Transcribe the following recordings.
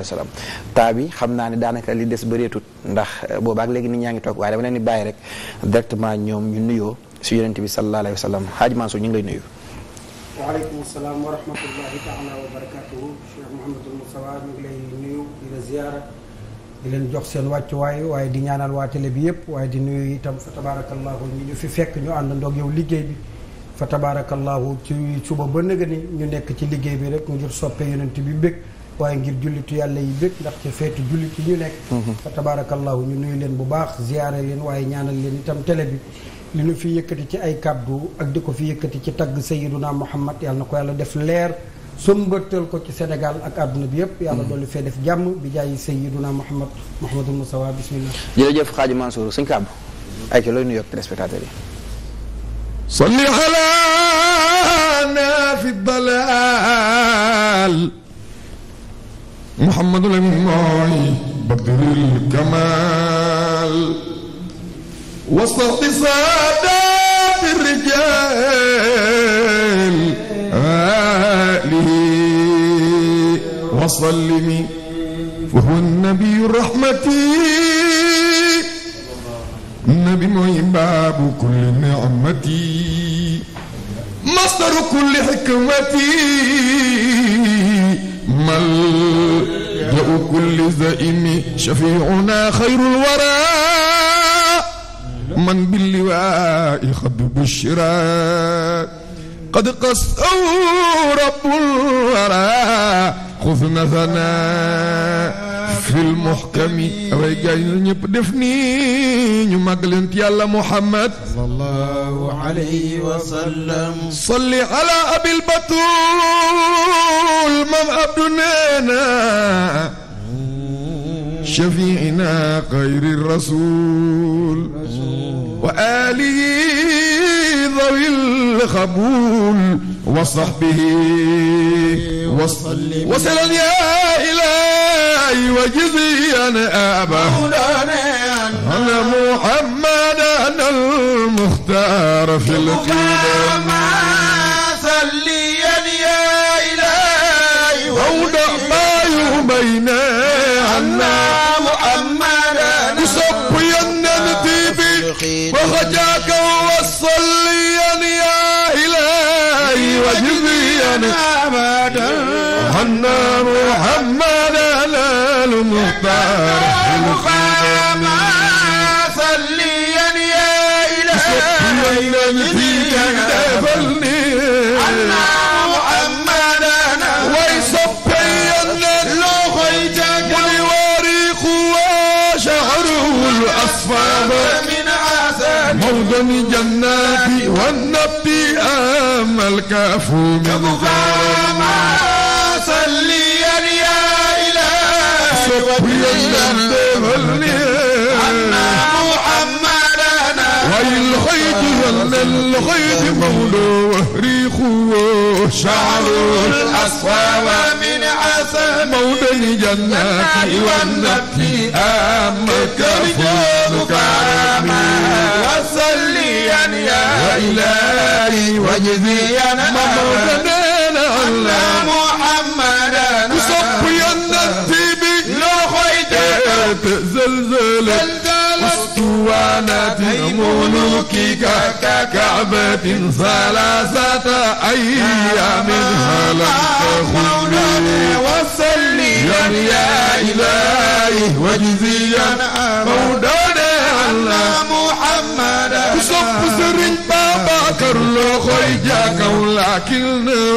salaam temps bi xam naa ne daanaka li des bëreetut ndax euh, boobaak léegi nit ñaa ngi toog waaye dama leen bàyyi rek directement ñoom ñu nuyoo si yonent bi sallallahu alayhi wa sallam Haaj Mansour ñu ngi lay nuyu waaleykum salaam wa rahmatullahi taala ñu ngi lay nuyu di la ziyaara di leen jox seen wàccuwaay waaye di ñaanal waa télé bi yëpp waaye di nuyu itam fa tabarakallahu ñu fi fekk ñu ànd ndoog yow liggéey bi fa tabarakallahu ci suba ba nëga ñu nekk ci liggéey bi rek ñu jur soppe yonent bi bëgg waaye ngir jullitu yàlla yi bëgg ndax ca feetu jullit ñu nekk mhm. fa tabaarakallaahu ñu nuyu leen bu baax ziyaare leen waaye ñaanal leen itam télé bi li nu fi yëkkati ci ay kàddu ak di ko fi yëkkati ci tagg sayiduna muhammad yàlla na ko yàlla def leer sumbatal ko ci Sénégal ak àdduna bi yëpp yàlla mhm. doolu fee def jàmm bi jaayi sayiduna muhammad muhammadul musawa bismillah jërëjëf xaaji Mansour sëñ kàddu ay ci looy nuyoog téléspectateurs yi محمد المعي بدر الكمال وسط سادات الرجال آله وسلم وهو النبي رحمتي النبي معي باب كل نعمتي مصدر كل حكمتي مل مبدأ كل زئم شفيعنا خير الورى من باللواء قد بشرى قد قصه رب الورى خذ مثناه fil muhkami way gaay ñu ñëpp def nii ñu màgg leen ci yàlla muhammad sallallahu alayhi wa sallam salli ala abil batul mam abdu neena shafiina xayri rasul wa alihi ذوي القبول وصحبه وسلم وسلم يا إلهي وجزيا أبا أن محمدا المختار في القدم صليا يا إلهي وودع ما يبين عنا محمدا يصب ينن وخجاك محمدا وأن محمدا المختار المختار صليا يا إلهي فيك دفلني أن محمدا ويصبي لو خيتك ولواريخ وشعره الأصفر من عسل موضم جنة الكاف من ما صليا يا إلهي محمدنا للخيط مولو وهريخ وشعر الأصفى ومن عسى مولى الجنة والنبي أمك فوق كرامة وسلم جزيا يا إلهي وجزيا مولانا الله محمدا وصفيا نسيبي لو خيتك زلزلت أسطوانة ملوكك ككعبة ثلاثة أيام هلا خلوني وسليا يا إلهي وجزيا مولانا وإياك ولكنه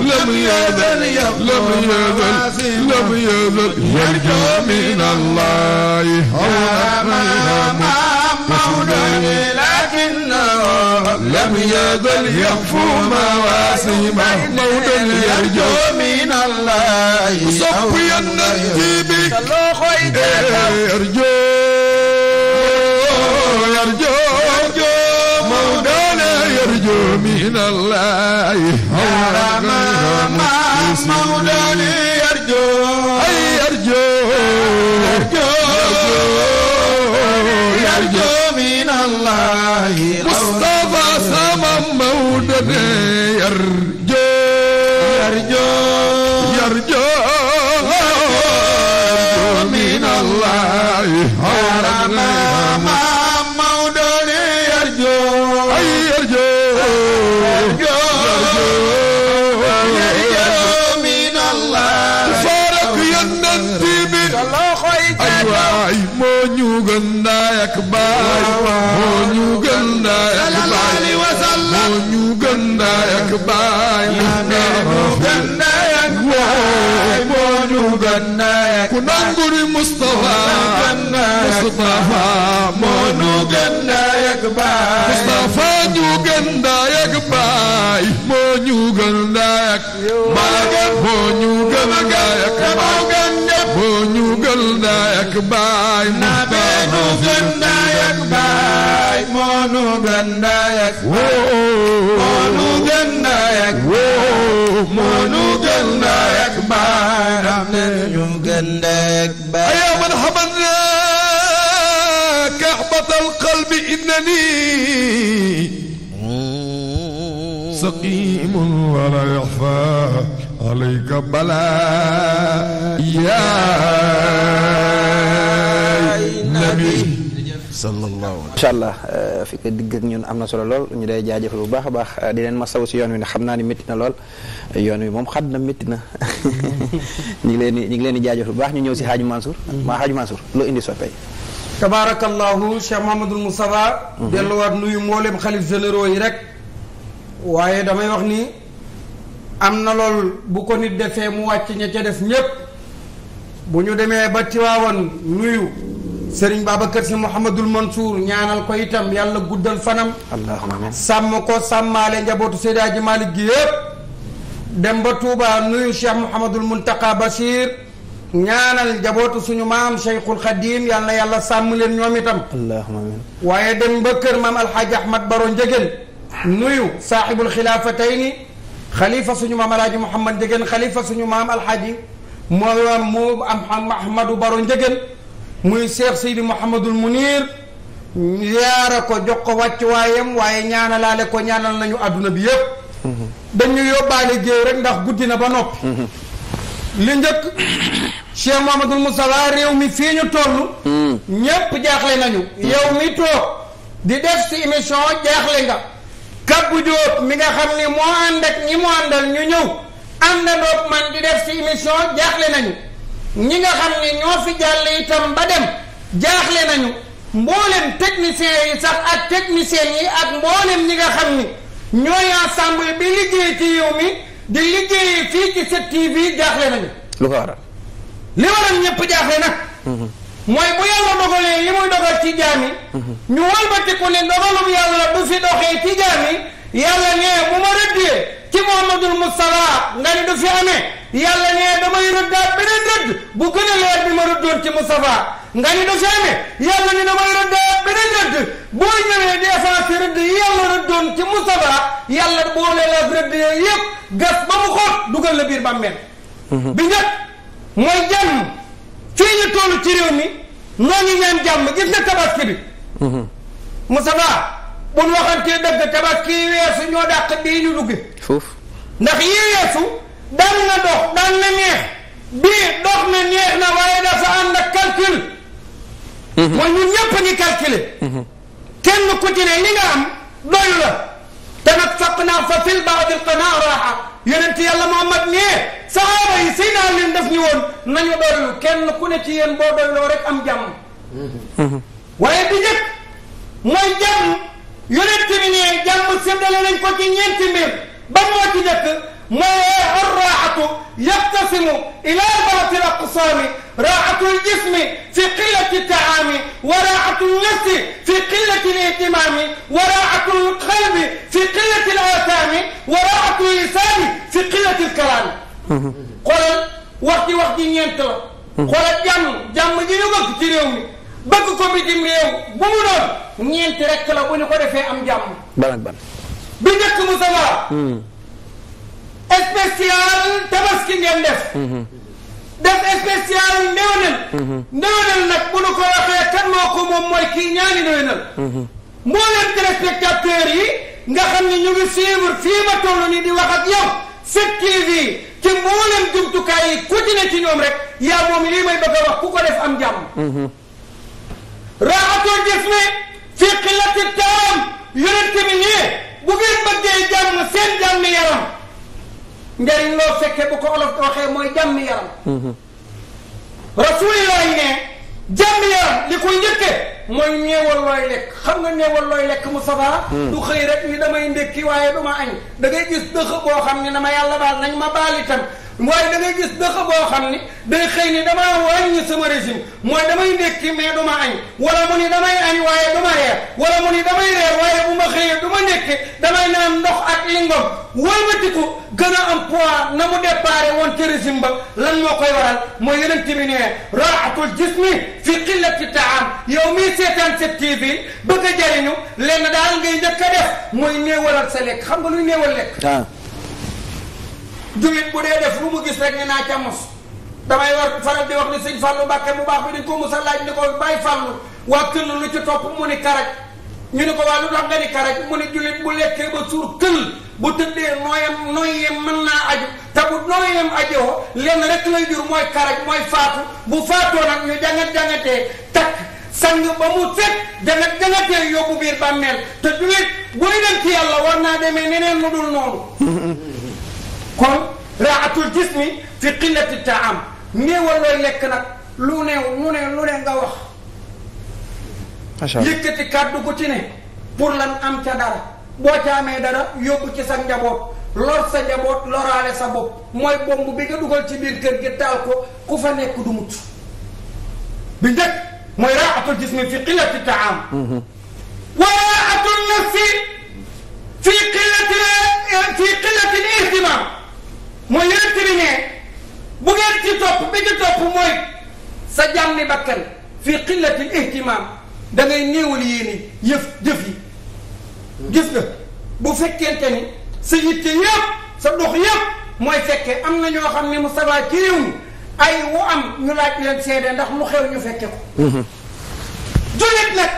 لم يزل لم يزل لم يزل يرجو من الله عوننا مولاي لكنه لم يزل يكفو مواسمه مولا يرجو من الله صفيا نجيبك يرجو من الله حول ما مولاني يرجو أي يرجو يرجو يرجو من الله مصطفى سما مولاني يرجو lu baay moo gannaay ku nangu ni Mustafa Mustafa moo nu gannaay ak baay Mustafa ñu gannaay ak baay moo ñu gannaay ak baay moo ñu gannaay ak baay baay nabeenu gën daay ak baay moo nu gën daay ak moo nu gën daay ak moo nu gën daay ak baay am na ñu gën daay ak baay ayaa man xamal naa kaxbatal qalbi innani saqiimun wala yaxfaa عليك بلاء يا نبي sallallahu macha fi ko ñun am na solo lool ñu day jaajëfal bu baax a baax di leen masaw si yoon wi ne xam naa ni métti na lool yoon wi moom xat na métti na ñu leen di ñu ngi leen di jaajëfal bu baax ñu ñëw si Hadj Mansour maa Hadj Mansour loo indi tabarakallahu Cheikh Mahamadul Moustapha delluwaat nuyu mboolem xalif généraux yi rek waaye damay wax ni am na lool bu ko nit defee mu wàcc ña ca def ñépp bu ñu demee ba Tiwaawan nuyu sëriñ Babacar Si Mouhamadul Mansour ñaanal ko itam yàlla guddal fanam allahumma sàmm ko sàmmaale njabootu Seydi Hadji Malick gi yépp dem ba Touba nuyu Cheikh Mouhamadul Muntaqa Bachir ñaanal njabootu suñu maam Cheikhul Khadim yàlla na yàlla sàmm leen ñoom itam allahumma waaye dem ba kër maam Alxaaji Ahmad Baro Njëgéen nuyu saaxibul xilaafatayni xalifa suñu maam alaaji Mouhamad Ndiéguène xalifa suñu maam alxaaji moo moo am Ahmadou Baro Ndiéguène muy Cheikh Seydi Mouhamadul Munir yaara ko jox ko wàcc waayam waaye ñaanalaale ko ñaanal nañu àdduna bi yëpp dañu yóbbaale géew rek ndax guddi na ba noppi li njëkk Cheikh Mouhamadul Moustapha réew mi fii ñu toll hmm. ñépp jaaxle nañu hmm. yow mi toog di def si émission jaaxle nga gàbbu jóob mi nga xam ni moo ànd ak ñi mu àndal ñu ñëw àndandoog man di def si émission jaaxle nañu ñi nga xam ni ñoo fi jàll itam ba dem jaaxle nañu mboolem techniciens yi sax ak techniciens yi ak mboolem ñi nga xam ni ñooy ensemble bi liggéey ci yow mi di liggéey fii ci 7TV jaaxle nañu. lu ko waral. li waral jaaxle nag. Mm-hmm. mooy bu yàlla dogalee li muy dogal ci jaam yi ñu walbatiku ne dogalum yàlla bu fi doxee ci jaam yàlla ne bu ma rëddee ci Muhammadul Mustapha nga ni du fi amee yàlla ne damay rëddaat beneen rëdd bu gën a leer bi ma rëddoon ci Mustapha nga ni du fi yàlla ne damay rëddaat beneen rëdd rëdd yi yàlla rëddoon ci Mustapha yàlla boole rëdd yooyu yëpp gas ba mu xoot dugal la biir bàmmeel mm-hmm. bi njëkk mooy jàmm fii ñu toll ci réew mi moo ñu ñaan jàmm gis nga tabaski bi. Mhm. Moustapha bu ñu waxantee dëgg tabaski yi weesu ñoo dàq bii ñu dugg. foofu yi weesu daan dox daan neex bii dox na neex na waaye dafa ànd ak calcul. Mhm. mooy ñun ñëpp ñu calculer. Mhm. kenn ku ci ne li nga la te nag faq naa fa fil qanaa raaxa yonent yàlla Muhammad nee saxaaba yi Seydina leen def ñu woon nañu doylu kenn ku ne ci yéen boo doyloo rek am jàmm waaye bi njëkk mooy jàmm yonent bi ne jàmm séddale nañ ko ci ñeenti mbir ba moo ci njëkk mooy arraatu yaqtasimu ila baati l aqsaami raatu l jismi fi qillati taami wa raatu l nafsi fi qillati l ihtimaami wa raatu l qalbi fi qillati l aataami wa raatu l lisaani si xilatil kalaan xoolal wax ci wax ci ñeent la xoolal jàmm jàmm ji ñu bëgg ci réew mi bëgg ko bitim réew bu mu doon ñeenti rek la bu ñu ko defee am jàmm ban ak ban bi njëkk mu safara hmm. spécial tabaski ngeen def hmm. def spécial ndewenal hmm. ndewenal nag bu ñu ko waxee kan moo ko moom mooy kii ñaani ndewenal moo leen téléspectateurs yi nga xam ne ñu ngi suivre fii ma toll ni di wax ak yow 7TV ci mboolem jumtukaay yi ku ci ne ci ñoom rek yaa moom lii may bëgg a ku ko def am jàmm. Mm-hmm. raaxatoo def ne fi xilati taaram yonent bi nii bu ngeen bëggee jàmm seen jàmm yaram njariñ loo fekkee bu ko olof waxee mooy jàmm yaram. Mm-hmm. rasulilah ne. jàmm yaram li koy njëkkee mooy néewal looy lekk xam nga néewal looy lekk Moustapha hmm. du xëy rek ni damay ndékki waaye du ma añ da ngay gis dëkk boo xam ne na ma yàlla baal nañ ma baal itam waaye da ngay gis dëkk boo xam ni day xëy ni damaa wàññi sama régime mooy damay ndékki mais du ma añ wala mu ni damay añ waaye du ma reer wala mu ni damay reer waaye bu ma xëyee du ma ndékki damay naan ndox ak lingom wëlbatiku gën a am poids na mu déparé woon ci régime ba lan moo koy waral mooy yeneen bi ne raatul jismi fi qillati taam yow mii seetaan sa TV bëgg a jariñu lenn daal ngay njëkk a def mooy néewalal sa lekk xam nga luy néewal lekk ah. jullit bu dee def lu mu gis rek ne naa ca mos damay war faral di wax ni sëñ Fallou Mbàkke bu baax bi dañ ko mos a ni ko bàyyi Fallou waa këll lu ci topp mu ni karaj ñu ne ko waa lu tax nga ni karaj mu ni jullit bu lekkee ba suur këll bu tëddee nooyam nooyeem mën naa aju te bu nooyeem ajoo lenn rek lay jur mooy karaj mooy faatu bu faatoo nag ñu jangat-jangatee takk sang ba mu set jangat-jangatee yóbbu biir bàmmeel te jullit buy dem ci yàlla war naa demee neneen lu dul kon raatul jismi fi qillati taam néewal looy lekk nag lu new lu ne lu ne nga wax. macha allah yëkkati kàddu ko ne pour lan am ca dara boo ca amee dara yóbbu ci sa njaboot. lor sa njaboot loraale sa bopp mooy bomb bi nga dugal ci biir kër gi taal ko ku fa nekk du mucc bi njëkk mooy raatul jismi fi qillati taam mhm. wa raatul nafsi fi qillati fi qillati ihtimam mooy yonent bi ne bu ngeen ci topp bi ci topp mooy sa jàmmi bakkan fii xillati ihtimaam da ngay néewal yéene yëf jëf yi gis nga bu fekkente ni sa yitte yëpp sa dox yëpp mooy fekkee am na ñoo xam ne mu sabaa ci réew mi ay wu am ñu laaj leen seede ndax mu xew ñu fekke ko mm-hmm. jullit nag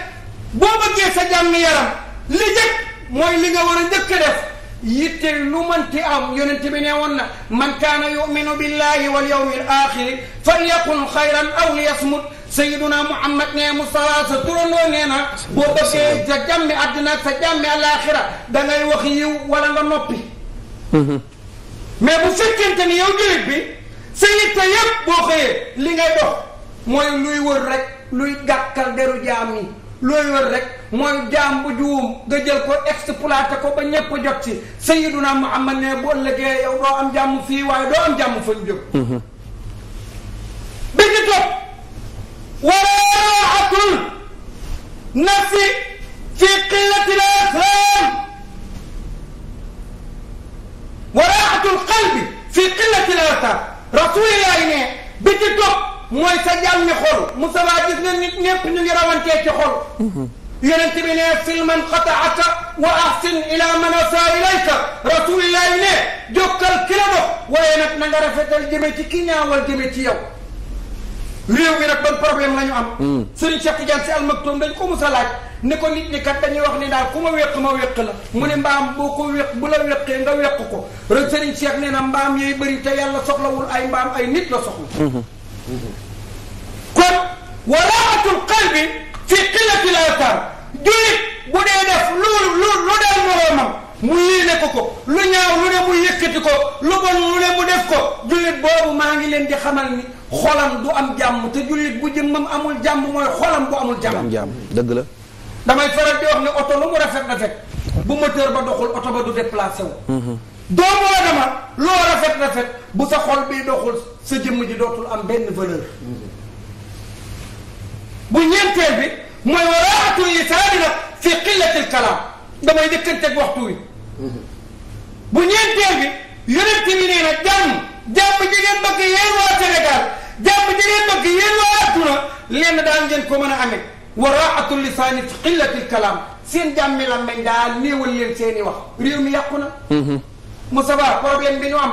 boo bëggee sa jàmm yaram li jëkk mooy li nga war a njëkk def yitte lu manti am yonent bi ne woon na man kaana yuminu billahi wal yawmi al fal yaqul xayran aw liyasmut sayiduna muhammad ne Mustafa sa turandoo nee na boo bëggee sa jàmmi àddina sa jàmmi alaxira da ngay wax yiw wala nga noppi mhm. mais bu fekkente ni yow jullit bi sa yitte yëpp boo xëyee li ngay dox mooy luy wër luy gàkkal deru looy wër rek mooy jaam juum nga jël ko exploité ko ba ñëpp jot ci ne bu ëllëgee yow doo am jàmm fii waaye doo am jàmm fa ñu jóg bi ñu topp waraatul fi qillati l-afham waraatul qalbi fi qillati l-afham rasulillahi mooy sa jàmm ñi xol Moustapha gis na nit ñëpp ñu ngi rawantee ci xol yonent bi ne silman qataata wa ahsin ila man asa ilayka rasulillahi ne jokkal ki la dox waaye nag na nga rafetal jëme ci ki ñaawal jëme ci yow réew mi nag ban problème la ñu am hmm. sëriñ Cheikh Tidiane si almaktoum dañ ko musa laaj ne ko nit ñi kat dañuy wax ni daal ku ma wéq ma wéq la mu ne mbaam boo ko wéq bu la wéqee nga wéq ko rek sëriñ Cheikh nee na mbaam yooyu bëri te yàlla soxlawul ay mbaam ay nit la soxla hmm. kon waraatul qalbi fi qillatil awtaar jullit bu dee def lu lu lu dal mu yéene ko ko lu ñaaw lu ne mu yëkkati ko lu bon lu ne mu def ko jullit boobu maa ngi leen di xamal ni xolam du am jàmm te jullit bu jëmmam amul jàmm mooy xolam bu amul jàmm jàmm dëgg la damay faral di wax oto lu mu rafet rafet bu moteur ba doxul oto ba du déplacé wu mhm. doomu Aadama loo rafet rafet bu sa xol bi doxul sa jëmm ji dootul am benn valeur bu ñeenteel bi mooy waraatu lisaani nag fi qillatil kalaam damay dëkkanteeg waxtu wi bu ñeenteel bi yonent bi nee na jàmm jàmm ji ngeen bëgg yéen waa Sénégal jàmm ji ngeen bëgg yéen waa adduna lenn daan ngeen ko mën a amee waraatu lisaani fi qillatil kalaam seen jàmmi lammeñ daal néewal leen seen i wax réew mi yàqu na Moustapha problème bi ñu am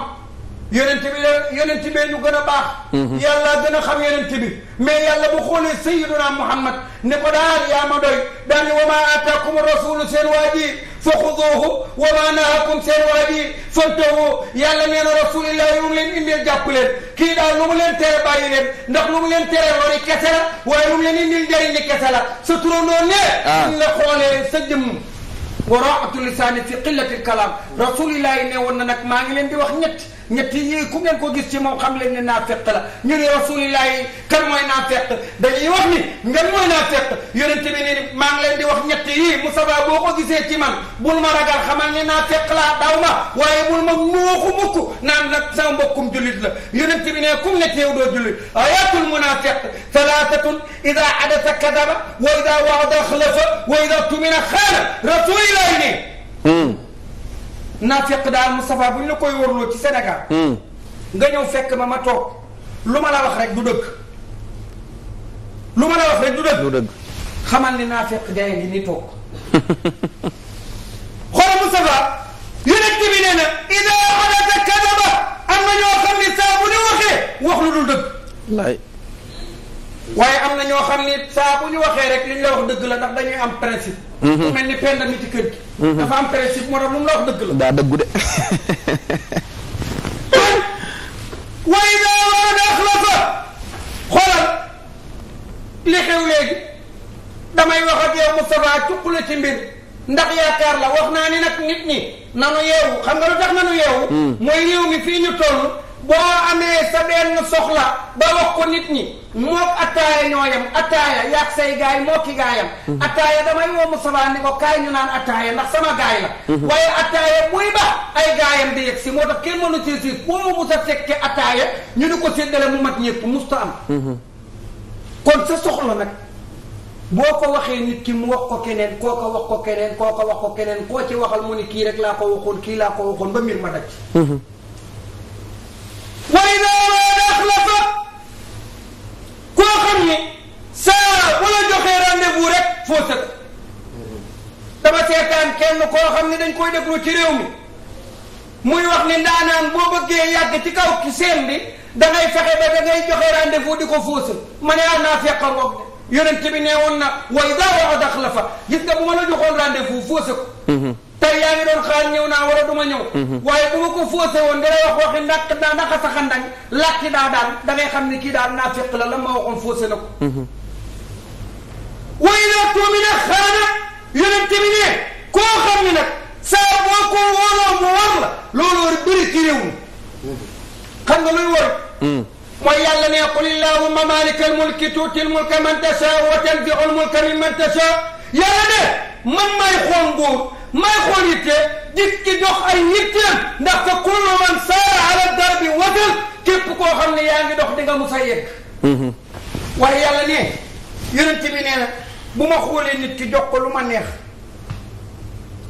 yonent bi la yonent bee ñu gën a baax mhm. yàlla gën a xam yonent bi mais yàlla bu xoolee sayyiduna Muhammad ne ko daal yaa ma doy daal ni wa maa aataakum rasulu seen waa ji fa xuduuhu wa maa nahaakum seen waa ji fantahu yàlla nee na rasulillahi lu mu leen indil jàpp leen kii daal lu mu leen tere bàyyi leen ndax lu mu leen tere lori kese la waaye lu mu leen indil njëriñ li kese la sa turandoo ne. ah la xoolee sa jëmm. waraatu lisaani fi qillati l kalaam rasulillahi ne woon na nag maa ngi leen di wax ñett ñett yii ku ngeen ko gis ci moom xam leen ne naafeq la ñu ne rasulillahi kan mooy naafeq dañuy wax ni ngan mooy naafeq yonent bi ne maa ngi leen di wax ñett yii Moustapha boo ko gisee ci man bul ma ragal xamal ne naafeq laa daw ma waaye bul ma muuxu mukk naan nag sama mbokkum jullit la yonent bi ne kum ne teew doo jullit ayatul munafiq thalathatun ida adata kadaba wa ida waada xalafa wa ida tumina xaana rasulillahi ne hmm. naa fekk daal Moustapha bu ñu la koy warloo ci Sénégal. Hmm. nga ñëw fekk ma ma toog lu ma la wax du dëgg. lu ma la wax rek du dëgg. du dëgg xamal ni naa fekk gaye ngi ni toog. xoolal Moustapha yonent bi nee na. idaa xadata kadaba am na ñoo xam ne saa bu ñu waxee waaye am na ñoo xam ni saa ñu waxee rek li ñu la wax dëgg la ndax dañuy am principe. Mhm. ku mel ni penda mi ci kër gi. Mhm. dafa am principe moo tax lu mu la wax dëgg la. daa dëggu de. waaye daa war a def la fa xoolal li xew léegi damay wax ak yow Moustapha cupp la ci mbir ndax yaakaar la wax naa ni nag nit ñi nanu yeewu xam nga lu tax yeewu. Mhm. mooy réew mi fii ñu toll. boo amee sa benn soxla ba wax ko nit ñi mook attaaya ñooyam attaaya yaag say gaay moo ki gaayam mhm. attaaya damay woo Moustapha ni ko kaay ñu naan attaaya ndax sama gaay la mhm. waaye attaaya buy ba ay gaayam di yegg si moo tax kenn mënu ci si boo musa sekke attaaya ñu di ko séddale mu mat ñëpp musta mhm. kon sa soxla nag boo ko waxee nit ki mu wax ko keneen koo ko wax ko keneen koo ko keneen koo ci waxal mu ni kii rek laa ko waxoon kii laa ko waxoon ba mbir ma daj waaye naa maa daax la fa koo xam saa wala joxee rendez-vous rek fausse ko dama seetaan kenn koo xam ne dañ koy déglu ci réew mi muy wax ne ndaanaan boo bëggee yàgg ci kaw ki seen bi da ngay fexe ba da ngay joxe rendez-vous di ko fausse ma ne ah naa fekk ngoog de yonent bi ne woon na a gis nga bu ma la joxoon rendez-vous tey yaa ngi doon xaar ñëw naa war a du ma ñëw mhm. waaye bu ma ko fóose woon dara wax waxi ndax daa ndax a saxandañ làkki daa daan da ngay xam ne kii daal naa féq la la ma waxoon fóose na ko mhm. way naa tuumi na xaana yonente bi ne koo xam ne nag saa boo ko wooloo mu war la loolu war bëri ci réew mi xam nga luy war mhm. mooy yàlla ne qul illahumma maalikal mulki tuutil mulka man tasha wa tanzi'ul mulka mimman tasha yàlla ne man maay xool nguur may xool yitte gis ki jox ay yitteem ndax fa kullu man saara ala darbi watal képp koo xam ne yaa ngi dox di nga mus a yegg mhm. waaye yàlla ne yonent bi nee na bu ma xoolee nit ki jox ko lu ma neex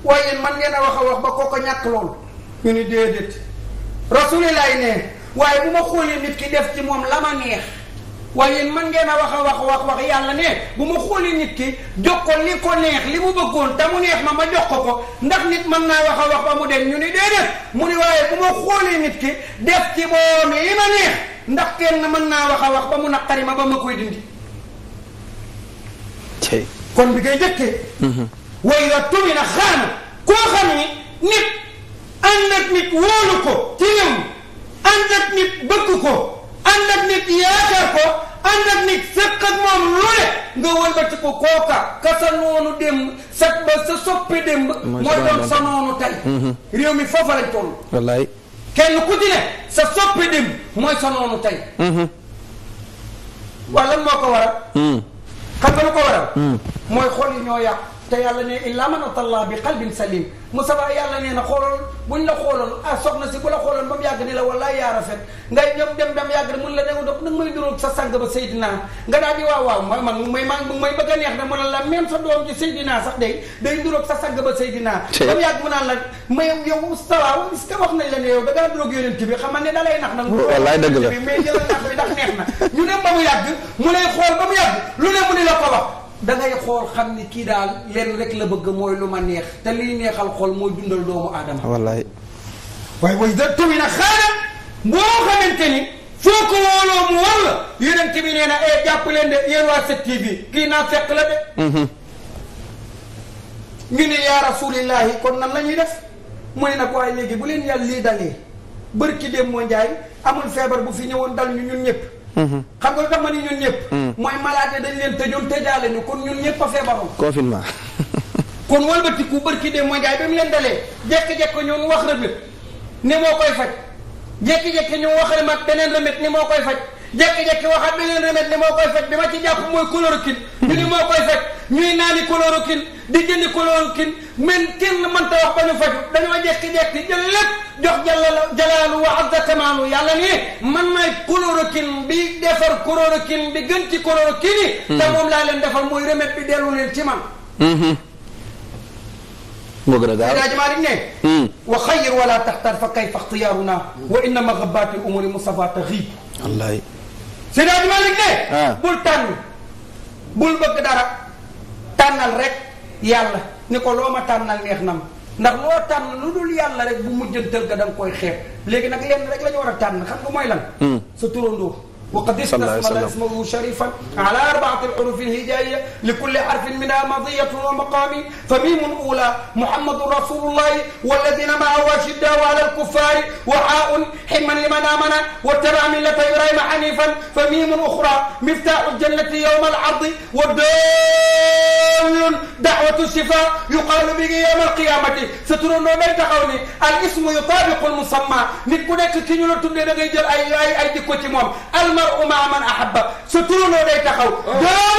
waaye man ngeen a wax a wax ba koo ko ñàkk lool ñu ni déedéet rasulilaay ne waaye bu ma xoolee nit ki def ci moom la ma neex waaye mën ngeen a wax a wax wax yàlla ne bu ma xoolee nit ki jox ko li ko neex li mu bëggoon te mu neex ma ma jox ko ko ndax nit mën naa wax a wax ba mu dem ñu ni déedéet mu ne waaye bu ma xoolee nit ki def ci moom li ma neex ndax kenn mën naa wax a wax ba mu naqari ma ba ma koy dindi kon bi ngay jëkkee mm-hmm. way wa tumi na xaana koo xam ni nit ànd ak nit wóolu ko ci réew ànd ak nit bëgg ko ànd ak nit yaakaar ko ànd ak nit fekk moom lu ne nga wëlbati ko kooka ka sa noonu démb sa ba sa mm-hmm. mooy sa noonu tey réew mm-hmm. moo ko waral mm. xam nga ko waral mm. mooy xol ñoo yàqu te yàlla ne illaa man atallaa bi qalbin salim Moustapha yàlla nee na xooloon buñ la xooloon ah soxna si bu la xooloon ba mu yàgg ni la wallaay yaa rafet ngay ñoom dem dem yàgg mun la new dog nag sa sang ba Seydina nga daal a neex na mu ne la même sa doom ji Seydina sax day day duróog sa sang ba Seydina ba mu yàgg mu naan la may yow salaaw est-ce wax nañ la ne yow da ngaa duróog yonent bi xamal ne dalay nax nax na ñu dem ba mu yàgg mu lay xool ba mu yàgg lu ne mu ni la ko wax da ngay xool xam ni kii daal leen rek la bëgg mooy lu ma neex te liy neexal xool moo dundal doomu aadama. wallaay. waaye way da na xaaral boo xamante ni foo ko wooloo mu war la yonent bi nee na e jàpp leen de yéen waa 7 naa fekk la de. Mhm. ñu ne yaa rasulillahi kon nan la ñuy def mooy nag waaye léegi bu leen yàlla lii dalee bërki dem moo njaay amul feebar bu fi ñëwoon dal ñu ñun ñëpp. xam nga dama tax ma ni ñun ñëpp. Hmm. mooy malaate dañ leen tëjoon tëjaale ñu kon ñun ñëpp a feebaroon. confinement. kon wëlbati ku barki dee mooy jaay ba mu leen dalee jékki-jékki ñoom wax remède ne moo koy faj jékki-jékki ñoom wax remède beneen remède ne moo koy faj jékki-jékki waxaat beneen remède ne moo koy faj bi ma ci jàpp mooy chloroquine. ñu ni moo koy faj. ñuy naani chloroquine di jëndi chloroquine men kenn mënta wax ba ñu faju dañoo jekki-jekki jël lépp jox jalla jalaalu wa azza kamaanu yàlla ni man maay chloroquine bi defar chloroquine bi gën ci chloroquine yi hmm. te moom laa leen defar mooy remède bi dellu leen ci man moo gën a gaaw daaj maa di ne hmm. wa xayir wala taxtar fa kay fa xtiyaaruna wa innama xabaati umuri mustafa taxiib wallaay Seydi Hadji Malick ne ah. bul tànn bul bëgg dara tànnal rek yàlla ni ko loo ma tànnal neex na ma ndax loo tànn lu dul yàlla rek bu mujjantal ga da nga koy xeeb léegi nag lenn rek la ñu war a tànn xam nga mooy lan. Hmm. sa turandoo. وقد استثمل اسمه شريفا على أربعة الحروف الهجائية لكل حرف منها ماضية ومقام فميم أولى محمد رسول الله والذين معه أشداء على الكفار وحاء حما لمن آمن واتبع ملة إبراهيم حنيفا فميم أخرى مفتاح الجنة يوم العرض ودال دعوة الشفاء يقال به يوم القيامة سترون may taxaw ni al ismu yutaabiqu al musamma nit ku nekk ki ñu la tuddee da ngay jël ay ay ay jikko ci moom almaru maa man ahabba sa turandoo day taxaw oh.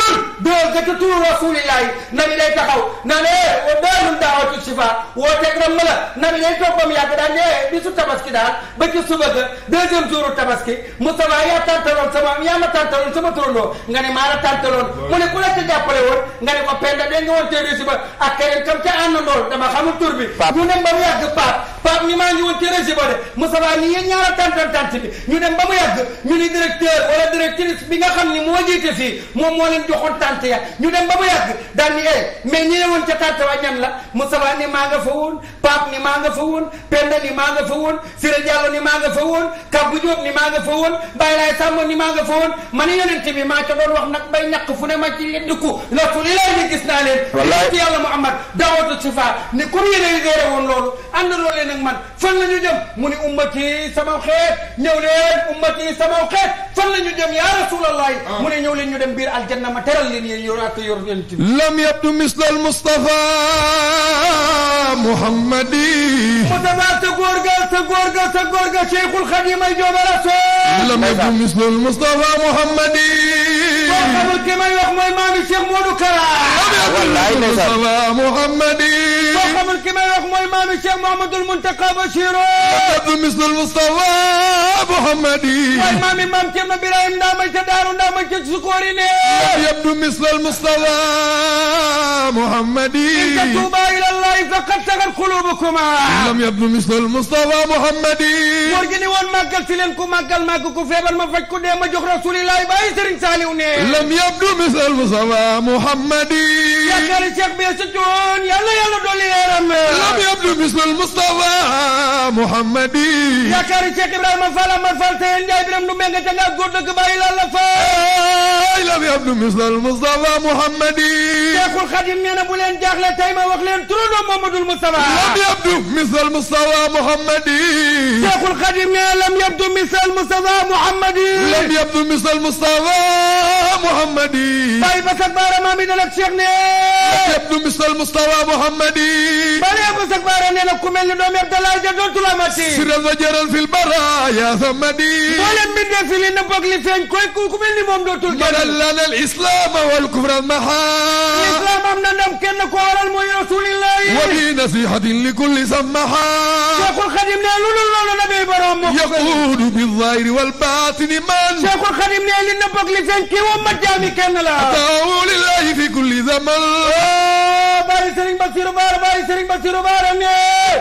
nekk turu rasulillahi nabi day taxaw naan eh wa daalum daawatu shifa woo teg ram ma la nabi day toog ba mu yàgg daan ne bisu tabaski daal ba ci suba ga deuxième jour tabaski Moustapha yaa tàntaloon sama yaa ma tàntaloon sama turandoo nga ne maa la tàntaloon mu ne ku la ca jàppale woon nga ne ko penda de nga woon tee si ba ak keneen kam ca àndandool dama xamul tur bi ñu dem ba mu yàgg paap paap ni maa ngi woon tee de Moustapha ni yéen ñaara tàntal tànt bi ñu dem ba mu yàgg ñu ni directeur wala directrice bi nga xam ni moo jiite fii moo leen joxoon tànt ya ñu dem ba mu yàgg daal ni eh mais ñi ne woon ca tartawa ñan la Moustapha ni maa nga fa woon Pape ni maa nga fa woon Penda ni maa nga fa woon Siré Diallo ni maa nga fa woon Kabou Diop ni maa nga fa woon Baye Laye Samb ni maa nga fa woon ma ne yonent bi maa ca doon wax nag bay ñàkk fu ne ma ci dëkku ndax fu li lay ni gis naa leen ci yàlla Muhammad daawatu sifa ni comme yéen a géré woon loolu ànd loolu leen ak man fan la ñu jëm mu ni ummati sama xeet ñëw leen ummati sama xeet fan la ñu jëm ya rasulallah ah. mu ne ñëw leen ñu dem biir aljanna ma teral leen yéen te yor yonent bi lam yabdu mislal Mustafa Muhammadi Mustafa te góor ga te góor ga te góor ga Cheikhul Khadim ay jooba rasul lam yabdu mislal Mustafa Muhammadi boo xamul ki may wax mooy maami Cheikh Modou Kara wallaay Mustafa Muhammadi boo xamul ki may wax mooy maami Cheikh Mouhamadoul Mountakha Bachir yabdu mislal Mustafa muhammadi mooy maami maam Cerno Birahim ndaama ca daaru ndaama ca sukoori ne yabdu misla almustafa muhammadi in tatuuba ila allahi faqad sagat qulubukuma lam yabdu misla almustafa muhammadi góor gi ni woon màggal si leen ku màggal màgg ku feebar ma faj ku dee ma jox rasulillahi bàyyi sëriñ Saaliw ne lam yabdu misla almustafa muhammadi yaakaari Cheikh bi sa coon yàlla yàlla dolli yaram lam yabdu misla almustafa muhammadi yaakaari Cheikh Ibrahima Fall Alaman Fall te yéen Njaay Biram nu mel nga jàngaa góor dëgg bàyyi la la faay la bi abdu misal Mustafa Muhammadi Seexul Xadim nee na bu leen jaaxle tey ma wax leen turandoo Mamadul Mustafa la bi abdu misal Mustafa Muhammadi Seexul Xadim nee na lam yabdu misal Mustafa Muhammadi lam yabdu misal Mustafa Muhammadi bàyyi ba sag baara maam yi dalak Cheikh ne lam yabdu misal Mustafa Muhammadi bàyyi ba sag baara nee na ku mel ni doomi Abdallah ja dootul amati sirran wa jaran fil baraaya dafa madi. mboolem bi ne fii li na bokk li feeñ koy ku mel ni moom dootul. gànnaar lana al islam wal kufra al mahaa. islam am na ndam kenn ko waral mooy rasulillah. wa bi nasihatin li kulli samaha. Cheikhul Khadim ne lu dul loolu damay borom moo ko. yaquudu bi zahiri wal baatini man. Cheikhul Khadim ne li na bokk li feeñ kii woo ma jaami kenn la. ataawu lillahi fi kulli zaman. bari Serigne Bassirou Bara bari Serigne Bassirou Bara ne.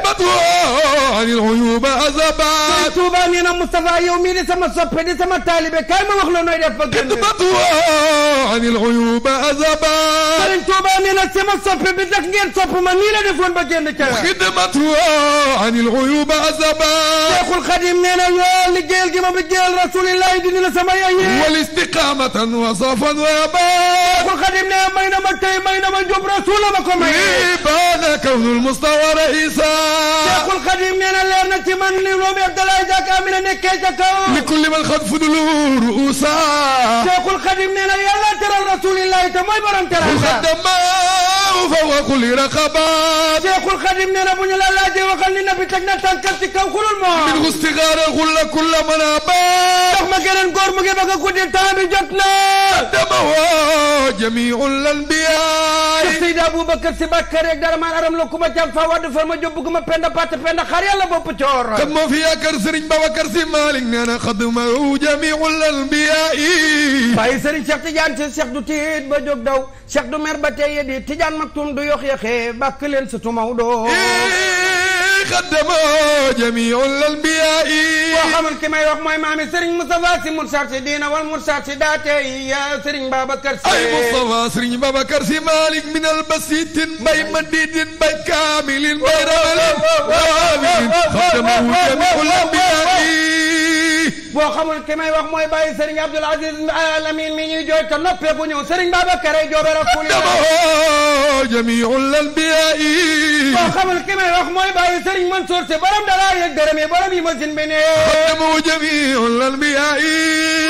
badwanil uyuba azabat Touba nee na Moustapha yow mii di sama soppe di sama taalibe kaay ma wax la nooy def ba génn badwanil uyuba azabat Sëriñ Touba nee na sama soppe bi tax ngeen sopp ma nii la defoon ba génn ca xidmatwanil uyuba azabat Cheikhul Khadim nee na yoo liggéeyal gi ma liggéeyal rasulillah dindi la sama yaye wal istiqamatan wa safan wa yaba Cheikhul Khadim nee na may na ma tey may na ma jub rasula ma ko may baana kawnul mustawa raisa Seexul Xadim nee na leer na ci man ni loomi Abdoulaye Diack Amina nekkee ca kaw li kulli man xat fudulu ruusa Seexul Xadim nee na yàlla teral rasulillahi te mooy borom teral فوق كل رقبة شيخ الخديم nee na bu ñu la laajee waxal ni nabi teg na tànkam ci kaw xulul moom min gustigaara xulla kulla man aba dox ma geneen góor mu ngi bëgg a guddi temps bi jot na damawa jamiul anbiya Seydi Aboubacar Si Bakar rek dara maan aram la ku ma jàm fa wadd far ma jóbbu gu ma penda patt penda xar yàlla bopp coor kan moo fi yaakaar Sëriñ Babacar Si Malick nee na xadma jamiul anbiya bàyyi Sëriñ Cheikh Tidiane Si Cheikh du tiit ba jóg daw Cheikh du mer ba tey di tijaan maktum du yox yoxe bàkk leen sa tumaw doo xaddamoo jamiul anbiyaa koo xamul ki may wax mooy maami Serigne Moustapha Sy Moustarchidina wal Moustarchidaate yaa Serigne Babacar Sy ay Moustapha Serigne Babacar Sy Malick min al basitin bay madiidin bay kaamilin bay rawalin xaddamoo jamiul anbiyaa boo xamul ki may wax mooy bàyyi Serigne Abdoul Aziz Al Amine mi ñuy jooy te noppeeku ñëw Serigne Babacar ay joobe rasulilah jamiul anbiya'i boo xamul ki may wax mooy bàyyi Serigne Mansour si borom dara yëg dërëm yi borom yi machine bi ne xaddamu jamiul anbiya'i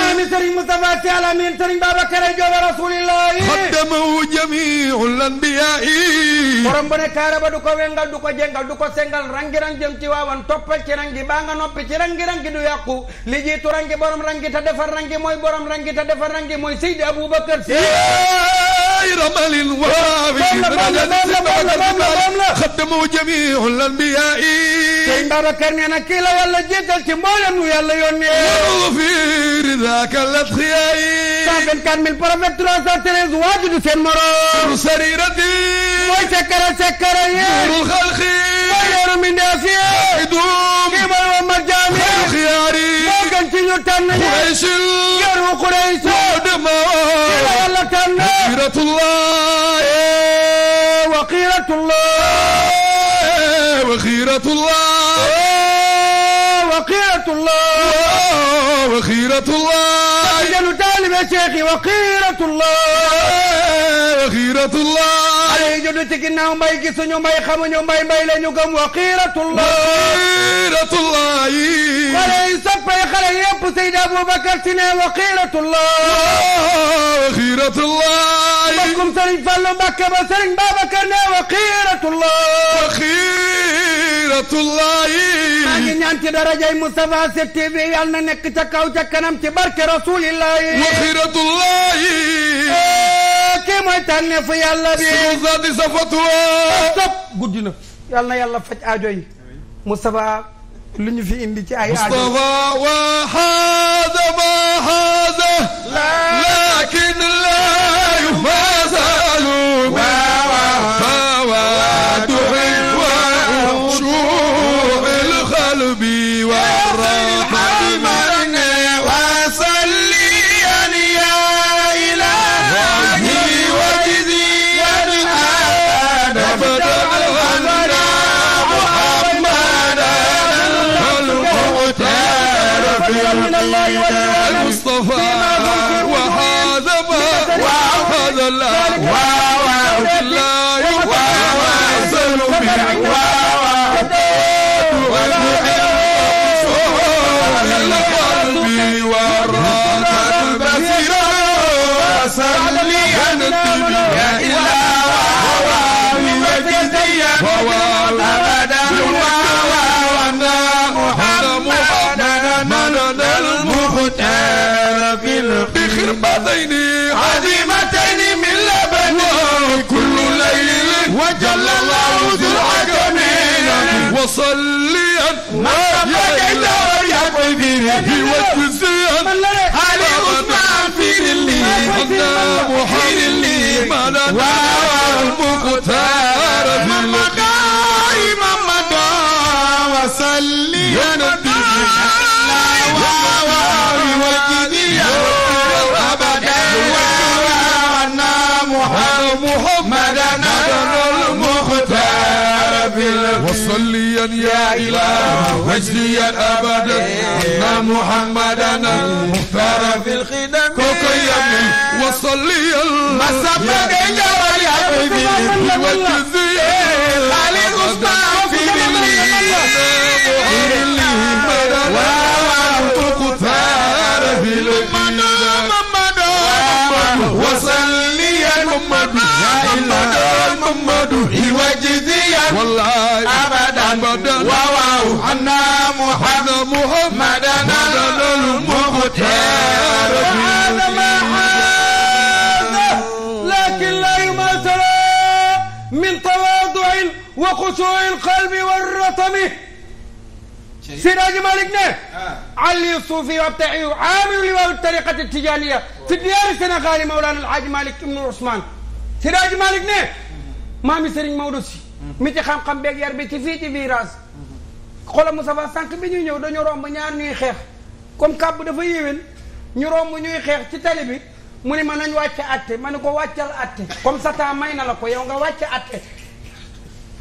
maami Serigne Moustapha si Al Amine Serigne Babacar ay joobe rasulilah xaddamu jamiul anbiya'i borom bu ne kaara ba du ko wengal du ko jengal du ko sengal rangi-rangi jëm ci waawan toppal ci rangi baa nga noppi ci rangi-rangi du yàqu li saytu rangi borom rangi te defar rangi mooy borom rangi te defar rangi mooy Seydi Aboubacar Si ramalil waawi xaddamu jamiul anbiyaa Sëñ Babacar nee na kii la yàlla jéggal ci mboolem nu yàlla yónnee fi ridaaka latxiyaa yi cent vingt-quatre mille prophète trois cent treize waaju du seen morom sarirati mooy sekkara sekkara yi ñu tànn Quraysin yaru Quraysin moo dema ci la Yàlla tànn xiratullah eh, wa xiratullah eh, wa xiratullah eh, wa xiratullah wa xiratullah janu taalibe Cheikh wa xiratullah wa xiratullah juddu ci ginnaaw mbay gisuñu mbay xamuñu mbay mbay la ñu gëm wa xiiratullah xiiratullah yi xale yi soppay xale yépp Seydi Aboubacar Si ne wa xiiratullah wa xiiratullah mbokkum Sëriñ Fallu Mbàkke ba Sëriñ Babacar ne wa xiiratullah Rahmatullahi maa ngi ñaan ci darajay Moustapha 7TV yàlla na nekk ca kaw ca kanam ci barke Rasulillahi wa xiratullahi eh, kii mooy tànneefu yàlla bi sunu zaati safatullah stop guddi na yàlla na yàlla faj aajo yi Moustapha lu ñu fi indi ci ay aajo Moustapha wa haada ma haada lakin وصليا محمد يا حبيبي وجزيا علي عثمان في اللي حنا محمد اللي مالنا مختار في اللي وصليا يا إله وجليا أبدا أن محمدنا مختار في الخدم كوكيا وصليا ما سبق إلا يا حبيبي وجزيا خالد أصبح في وصلي يا محمد لا اله محمد وجزيا والله أبدا وواو أن محمدا المختار هذا ما هذا لكن لا يماثل من تواضع وخشوع القلب والرطم سراج مالك نه علي الصوفي وابتعي عامل لواء الطريقة التجانية في ديار السنغال مولانا الحاج مالك بن عثمان سراج مالك نه maami Serigne Maodo si. Mm-hmm. mi ci xam-xam beeg yar bi ci fii ci virage. Mm-hmm. xoolal Moustapha sànq bi ñuy ñëw dañu romb ñaar ñuy xeex comme kàbb dafa yéwén ñu romb ñuy xeex ci tali bi mu ne ma nañ wàcce àtte ma ne ko wàccal àtte comme sa temps may na la ko yow nga wàcce àtte.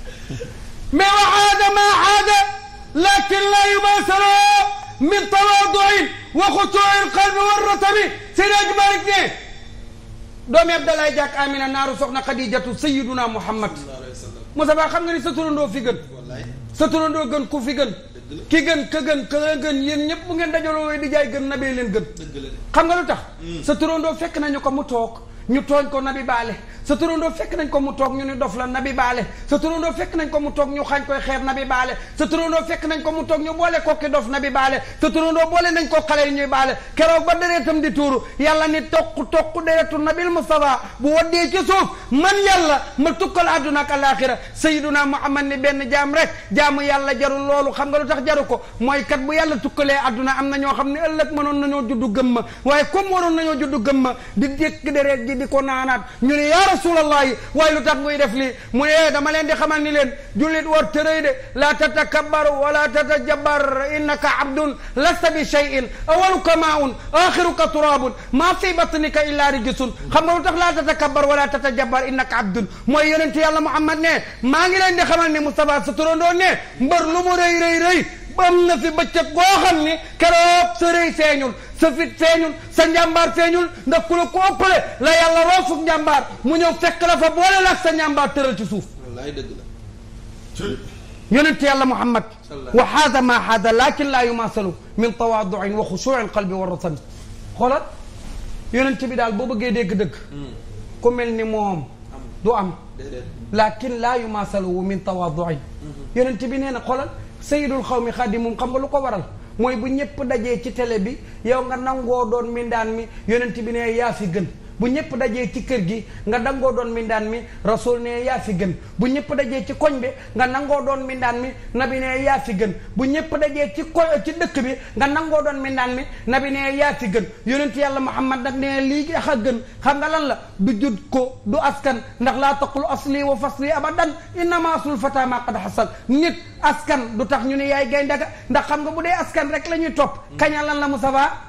mais wa ma aada lakin la yubaasara min tawaadui wa xutuuil qalbi wa ratabi Seydi Hadji Malick ne doomi Abdalaay jàkk Amina naaru soxna Xadijatu sayyiduna Muhammad Mustafa xam nga ni sa turandoo fi gën sa turandoo gën ku fi gën ki gën ka gën ka gën yéen ñëpp bu ngeen dajaloo di jaay gën na bee leen gën xam nga lu tax hmm. sa turandoo fekk nañu ko mu toog ñu tooñ ko nabi baale sa turandoo fekk nañ ko mu toog ñu ni dof la nabi baale sa turandoo fekk nañ ko mu toog ñu xaañ koy xeer nabi baale sa turandoo fekk nañ ko mu toog ñu boole kokki dof nabi baale sa turandoo boole nañ ko xale yi ñuy baale keroog ba deretam di tuuru yàlla ni toq toq deretu nabil mustafa bu waddee ci suuf man yàlla ma tukkal àdduna ak alaaxira sayyiduna muhammad ni benn jaam rek jaamu yàlla jarul loolu xam nga lu tax jaru ko mooy kat bu yàlla tukkalee àdduna am na ñoo xam ne ëllëg mënoon nañoo juddu gëmma waaye comme waroon nañoo juddu gëmma di dékk deret ji di ko naanaat ñu ne yaa rasulallahi waaye lu tax muy def lii mu ne eh, dama leen di xamal ni leen jullit war tërëy de la tatakabbar wala tatajabar innaka abdun lasta bi cheyin awaluka maaun axiruka turabun maa fi batnika illa rijisun xam nga la tatakabbar wala tatajabar innaka abdun mooy yonent yàlla muhammad ne Mustafa sa turandoon ne mbër lu am na fi bëccëg goo xam ni keroog sa rëy feeñul sa fit feeñul sa njàmbaar feeñul ndax ku la ko ëppale la yàlla roofuk njàmbaar mu ñëw fekk la fa boole la ak sa njàmbaar tëral suuf wallaay dëgg la yonent yàlla muhammad wa xaada maa xaada lakin laa yumaasalu min tawaaduin wa xushuuin qalbi wa rasami xoolal yonent bi daal boo bëggee dégg dëgg hmm. ku mel ni moom du am lakin laa yumaasalu min tawaaduin hmm. yonent bi nee na sayidul xaw mi xaadimum xam nga lu ko waral mooy bu ñëpp dajee ci tele bi yow nga nangoo doon mindaan mi yonent bi ne yaa fi gën bu ñëpp dajee ci kër gi nga dangoo doon mindaan mi rasul ne yaa gën bu ñëpp dajee ci koñ bi nga nangoo doon mindaan mi nabi ne yaa gën bu ñëpp dajee ci ko ci dëkk bi nga nangoo doon mindaan mi nabi ne yaa fi gën yonent yàlla muhammad nag ne lii ax a gën xam nga lan la du jud ko du askan ndax laa taqulu asli wa fasli abadan innama aslul fata ma qad hasal nit askan du tax ñu ne yaay gaynde ga ndax xam nga bu dee askan rek la ñuy topp kaña lan la mu safaa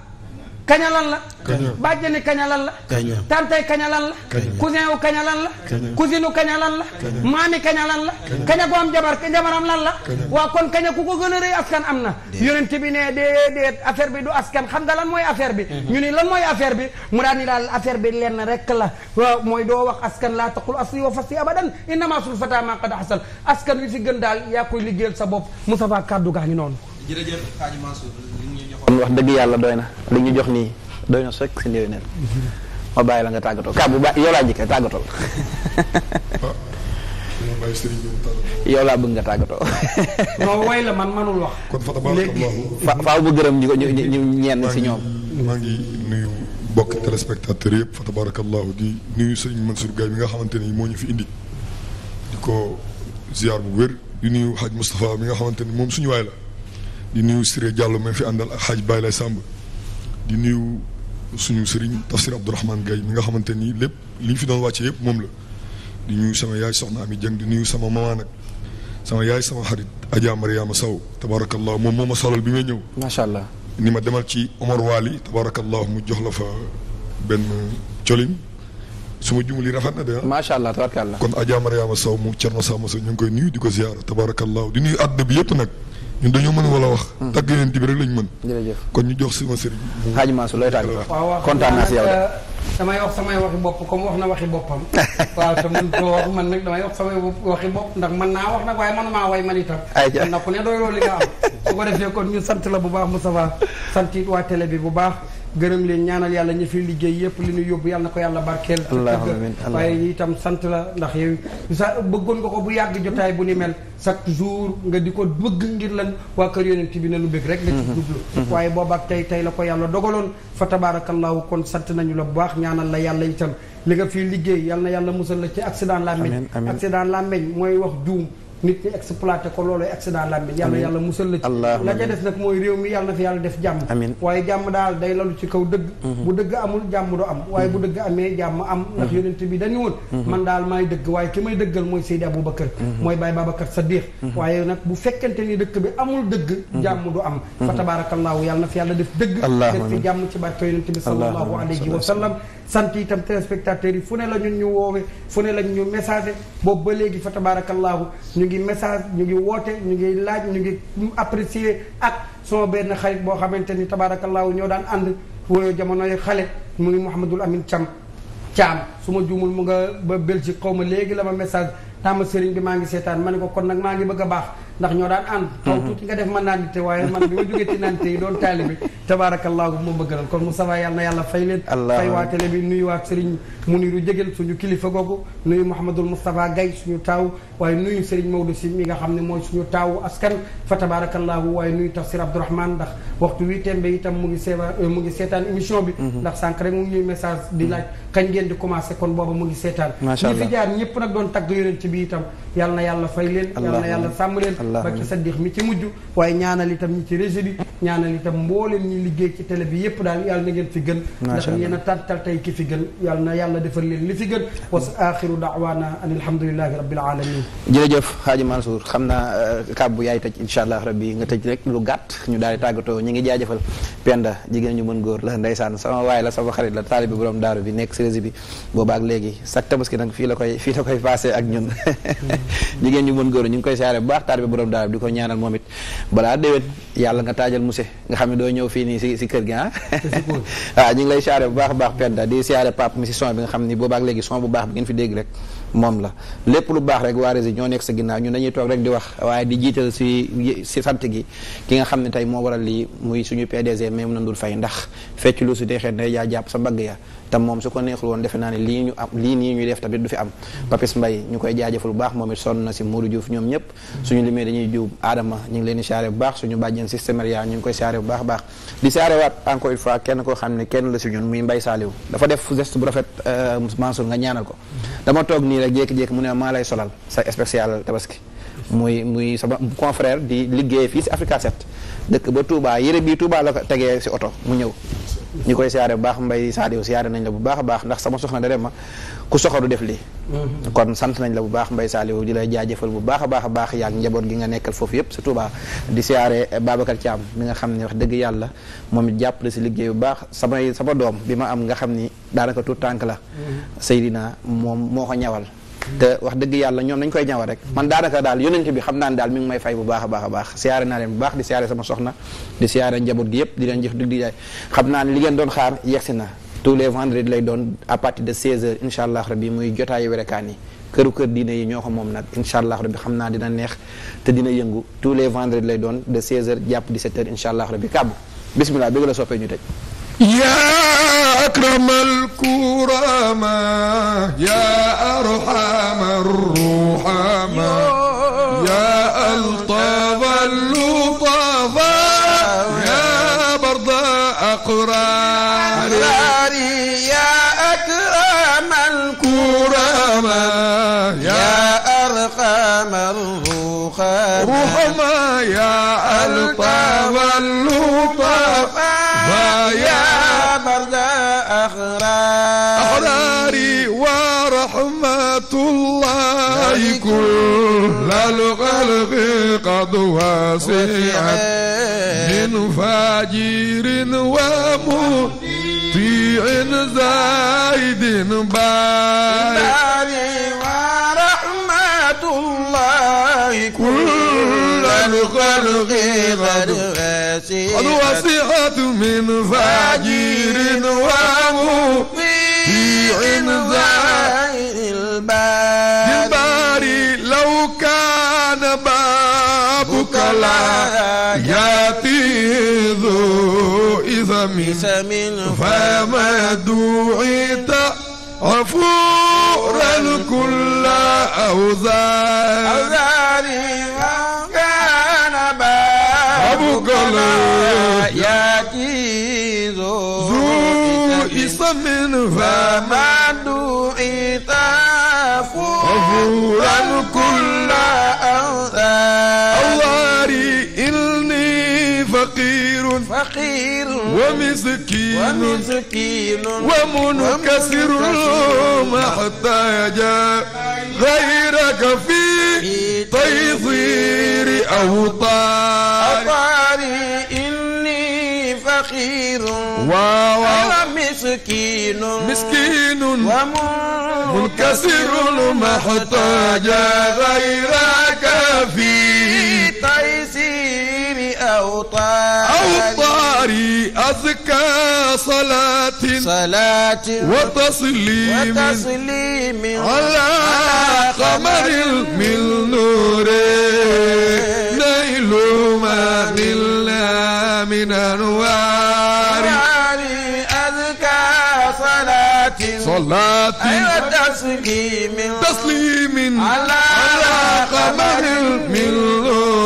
kaña lan la. kaña bàjjani kaña lan la. kaña tantay kaña lan la. kaña cousin wu kaña lan la. kaña cousine wu kaña lan la. kaña maami kaña lan la. kaña ko jabar jabaram lan la. waa kon kaña ku ko gën a rëy askan am na. yonent bi ne déedéet affaire bi du askan xam nga lan mooy affaire bi. Mm-hmm. ñu ni lan mooy affaire bi mu daan ni daal affaire bi lenn rek la waaw mooy doo wax askan laa taqul asli wa fasi abadan innama sul fata ma qad ahsan askan wi fi daal yaa koy sa bopp Moustapha kàddu gaa ngi noonu. kon wax dëgg yàlla doy na li ñu jox nii doy na sëkk si neen ma bàyyi la nga tàggatoo kàbbu ba yow laa jëkkee tàggatoo yow laa bëgg nga tàggatoo. non way la man manul wax. kon fa tabaarakallahu faaw bu gërëm ñu ko ñu ñu ñenn si ñoom. maa ngi nuyu mbokki téléspectateur yëpp fa tabaarakallahu di nuyu sëñ Mansour Gaye ni moo ñu fi indi. bu wér di nuyu Hadj mi nga xamante ni moom suñu waay la. di nuyu Siré Diallo ma fi àndal ak xaaj Baye Lay Samb di nuyu suñu sëriñ Tafsir Abdourahmane Gaye mi nga xamante ni lépp li ñu fi doon wàcce yëpp moom la di nuyu sama yaay soxna Ami Dieng di nuyu sama maman nag sama yaay sama xarit Adja Mariama Sow tabarakallah moom moo ma solal bi may ñëw macha allah ni ma demal ci Omar Waly tabarakallah mu jox la fa benn colin su ma jumali rafet na de ah. macha allah tabarakallah kon Adja Mariama Sow mu Cerno Sama Sow ñu ngi koy nuyu di ko ziyaara tabarakallah di nuyu àdduna bi yëpp nag ñu dañoo mën wala wax. Hmm. tàgg yeneen bi rek lañ mën. jërëjëf kon ñu jox sama sëriñ. xaaj Mansour looy tàgg. waaw kontaan naa si yow de. damay wax samay waxi bopp comme wax na waxi boppam. waaw te mën koo wax man nag damay wax samay waxi bopp mën naa wax nag waaye mënumaa way man itam. ayca kon nag ku ne doyuloo li nga am. su ko defee kon ñu sant la bu baax Moustapha sant it waa télé bi bu baax. gërëm leen ñaanal yàlla ñi fi liggéey yëpp li ñu yóbbu yàlla na ko yàlla barkeel waaye itam sant la ndax yow sa bëggoon nga ko bu yàgg jotaay bu ni mel chaque jour nga di ko bëgg ngir lan waa kër yonent bi lu bëgg rek nga ci mhm. jublu mhm. waaye boobaak tey tey la ko yàlla dogaloon fa tabaarakallaahu kon sant nañu la bu baax ñaanal la yàlla itam li nga fii liggéey yàlla na yàlla musal la ci accident làmmeñ accident làmmeñ mooy wax juum nit ñi exploité ko loolooy accident làmmiñ yàlla yàlla musal la ci la ca des nag mooy réew mi yàlla na fi yàlla def jàmm waaye jàmm daal day lalu ci kaw dëgg mhm. bu dëgg amul jàmm du am waaye bu mhm. dëgg amee jàmm am ndax mhm. yonent bi dañu woon man daal maay dëgg waaye ki may dëggal mooy Seydi Aboubacar mooy Baye Babacar Saddiq waaye nag bu fekkente ni dëkk bi amul dëgg jàmm du am fa tabaarakallaahu yàlla na fi yàlla def dëgg def fi jàmm ci barke yonent bi sallallahu alayhi wa sallam sant yi fu ne la ñun ñu woowe fu ne lañ ñu messagé ngi message ñu ngi woote ñu ngi laaj ñu ngi apprécier ak sama benn xarit boo xamante ni tabaarakallaahu ñoo daan ànd jamono jamonoy xale mu ngi Mouhamadul Amin Thiam Thiam su ma juumul mu nga ba bël Belgique xaw ma léegi la ma message daa ma sëriñ bi maa ngi seetaan ma ne ko kon nag maa ngi bëgg a baax ndax ñoo daan ànd taw mhm. tuuti nga def ma naanite waaye man bi ma jógee ci naanite yi doon taalibi tabaarakallaahu bu ma bëggalal kon yàlla yàlla fay leen fay waa télé bi nuyu waa Serigne Muniru Jégel suñu kilifa googu nuyu Mouhamadul Moustapha Gaye suñu taaw waaye nuyu Serigne Maodo si mi nga xam ne mooy suñu taawu askan fa tabaarakallaahu waaye nuyu Tafsir Abdourahmane ndax waxtu wi tembe itam mu ngi seeva mu ngi seetaan émission bi mhm. ndax sànq rek mu ñuy message di laaj kañ ngeen di commencé kon booba mu ngi seetaan ñi fi jaar ñëpp nag doon tag yonent bi itam yàlla na yàlla fay leen yàlla na yàlla sàmm leen ba ci Saddiq mi ci mujj waaye ñaanal itam ñi ci réseau bi ñaanal itam mboolem ñi liggéey ci télé bi yépp daal yàlla na ngeen fi gën ndax yéen a tàntal tey ki fi gën yàlla na yàlla defal leen li fi gën was axiru daawaana an alhamdulilahi rabbil alamin jërëjëf Xaaji Mansour xam naa eh, kàbbu yaay tëj insha allah rabbi nga tëj rek lu gàtt ñu daal di tàggatoo ñu ngi jaajëfal Penda jigéen ñu mën góor la ndeysaan sama waay la sama xarit la taalibi borom daaru bi nekk si réseau bi booba ak léegi sak tabaski nag fii la koy fii la koy passé ak ñun mm-hmm. borom daal di ko ñaanal moom it balaa déwén yàlla nga taajal muse nga xam ne doo ñëw fii nii si si kër gi ah waaw ñu ngi lay siyaare bu baax a baax Penda di siyaare pap mi si son bi nga xam ni boobaak léegi son bu baax bi ngeen fi dégg rek moom la lépp lu baax rek waa Rési ñoo nekk sa ginnaaw ñun dañuy toog rek di wax waaye di jiital si si sant gi ki nga xam ne tey moo waral lii muy suñu PDG na Ndour fay ndax fecc lu si dee na yaa jàpp sa mbagg ya te moom su ko neexul woon defe naa ne lii ñu am lii nii ñuy def tamit du fi am Papis Mbaye ñu koy jaajëfal bu baax moom it sonn na si Modou Diouf ñoom ñëpp suñu limee dañuy juub Adama ñu ngi leen di saare bu baax suñu bàjjeen systémaria ñu ngi koy saare bu baax baax di saarewaat encore une fois kenn koo xam ne kenn la si ñun muy Mbaye Saliou dafa def geste bu rafet euh, Mansour nga ñaanal ko dama toog nii rek jékki-jékki mu ne maa lay solal sa spécial tabaski muy muy sama confrère di liggéey fii si Africa 7 dëkk ba Touba yére bii Touba la tegee si oto mu ñëw ñi koy siyaare bu baax mbay saadiw siyaare nañ la bu baax a baax ndax sama soxna da dem ma ku soxoru def lii mm-hmm. kon sant nañ la bu baax mbay saaliw di lay jaajëfal bu baax a baax a baax yaag njaboot gi nga nekkal foofu yëpp surtout baax di siyaare Babacar Thiam mi nga xam ne wax dëgg yàlla moom it jàppale si liggéey bu baax samay sama doom bi ma am nga xam ni daanaka tout tànk la mm-hmm. Seydina moom moo ko ñawal te wax dëgg yàlla ñoom nañ koy ñawa rek man daanaka daal yonent bi xam naa ne daal mi ngi may fay bu baax a baax a baax siyaare naa leen bu baax di siyaare sama soxna di siyaare njaboot gi yëpp di leen jëf dugg di jaay xam naa ne li ngeen doon xaar yegsi na tous les vendredis lay doon à partir de 16 heures allah rabbi muy jotaayu werekaan yi këru kër diine yi ñoo ko moom nag incha allah rabbi xam naa dina neex te dina yëngu tous les vendredis lay doon de 16 heures jàpp 17 heures incha allah rabbi kàbb bismillah bëgg la soppee ñu tëj يا أكرم الكرماء يا أرحم الرحماء يا ألطف اللطفاء يا برض أقرار يا أكرم الكرماء يا أرحم الرحماء يا ألطف كل الخلق قد وسعت من فاجر ومطيع زايد باري ورحمة الله كل الخلق قد وسعت من فاجر ومطيع زايد ليس من فما دعيت غفورا كل أوزار أوزاري كان بابك لا يكيد ذو إسم فما فقير ومسكين ومنكسر محتاج غيرك في تيصير أوطاري إني فقير أنا مسكين مسكين ومنكسر محتاج غيرك في أوطاري أزكى صلاة صلاة وتسليم وتسليم على قمر من نور نيل ما نلنا من أنوار أزكى صلاة صلاة وتسليم تسليم على قمر من نور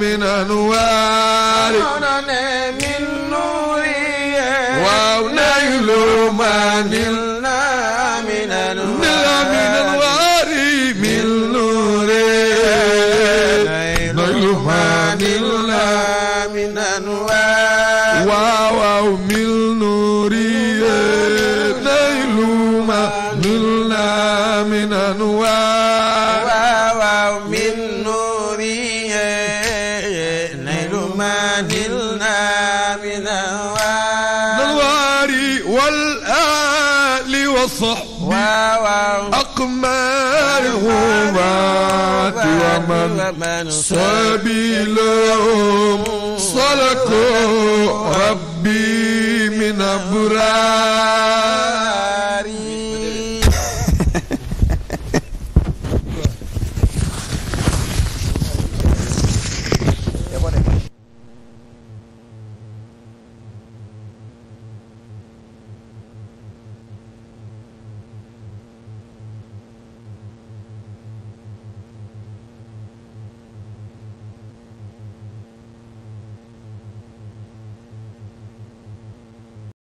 من أنوارك من نوري ونيل ما من سبيلهم سلكوا ربي من أبرار